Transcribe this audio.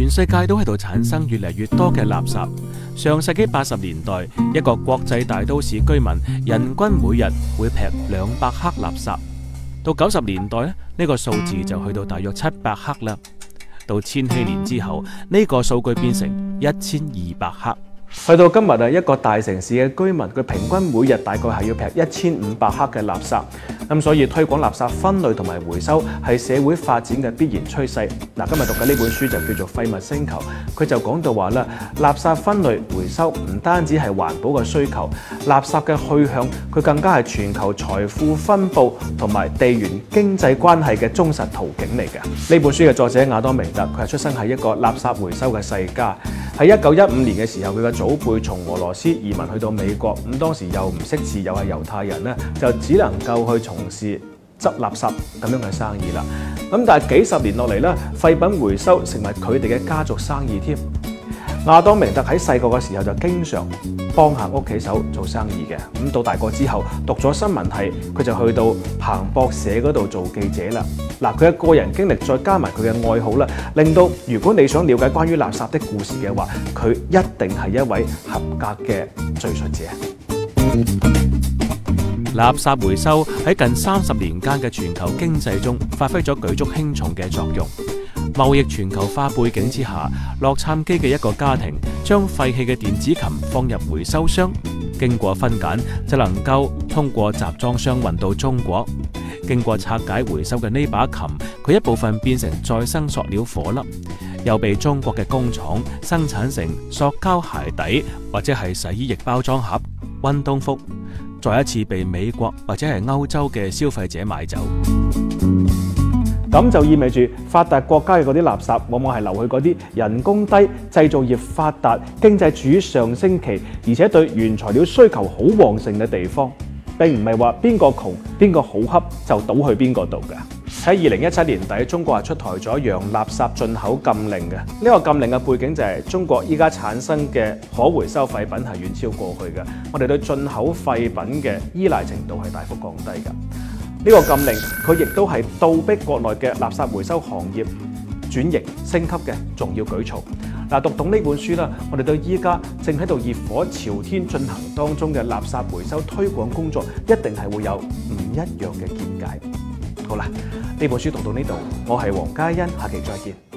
全世界都喺度產生越嚟越多嘅垃圾。上世紀八十年代，一個國際大都市居民人均每日會劈兩百克垃圾；到九十年代咧，呢個數字就去到大約七百克啦。到千禧年之後，呢個數據變成一千二百克。去到今日啊，一個大城市嘅居民，佢平均每日大概係要劈一千五百克嘅垃圾。咁所以推廣垃圾分類同埋回收係社會發展嘅必然趨勢。嗱，今日讀嘅呢本書就叫做《廢物星球》，佢就講到話啦，垃圾分類回收唔單止係環保嘅需求，垃圾嘅去向佢更加係全球財富分佈同埋地緣經濟關係嘅忠實途徑嚟嘅。呢本書嘅作者亞當明特，佢係出生喺一個垃圾回收嘅世家。喺一九一五年嘅時候，佢嘅祖輩從俄羅斯移民去到美國，咁當時又唔識字，又係猶太人咧，就只能夠去從事執垃圾咁樣嘅生意啦。咁但係幾十年落嚟咧，廢品回收成為佢哋嘅家族生意添。亞當明特喺細個嘅時候就經常幫下屋企手做生意嘅，咁到大個之後讀咗新聞系，佢就去到彭博社嗰度做記者啦。嗱，佢嘅個人經歷再加埋佢嘅愛好啦，令到如果你想了解關於垃圾的故事嘅話，佢一定係一位合格嘅追隨者。垃圾回收喺近三十年間嘅全球經濟中發揮咗舉足輕重嘅作用。貿易全球化背景之下，洛杉磯嘅一個家庭將廢棄嘅電子琴放入回收箱，經過分揀，就能夠通過集裝箱運到中國。經過拆解回收嘅呢把琴，佢一部分變成再生塑料顆粒，又被中國嘅工廠生產成塑膠鞋底或者係洗衣液包裝盒、運動服，再一次被美國或者係歐洲嘅消費者買走。咁就意味住發達國家嘅嗰啲垃圾，往往係流去嗰啲人工低、製造業發達、經濟處於上升期，而且對原材料需求好旺盛嘅地方。並唔係話邊個窮邊個好恰，就倒去邊個度㗎。喺二零一七年底，中國係出台咗《洋垃圾進口禁令》嘅。呢個禁令嘅背景就係中國依家產生嘅可回收廢品係遠超過去嘅。我哋對進口廢品嘅依賴程度係大幅降低㗎。呢個禁令，佢亦都係倒逼國內嘅垃圾回收行業轉型升級嘅重要舉措。嗱，讀懂呢本書啦，我哋對依家正喺度熱火朝天進行當中嘅垃圾回收推廣工作，一定係會有唔一樣嘅見解。好啦，呢本書讀到呢度，我係黃嘉欣，下期再見。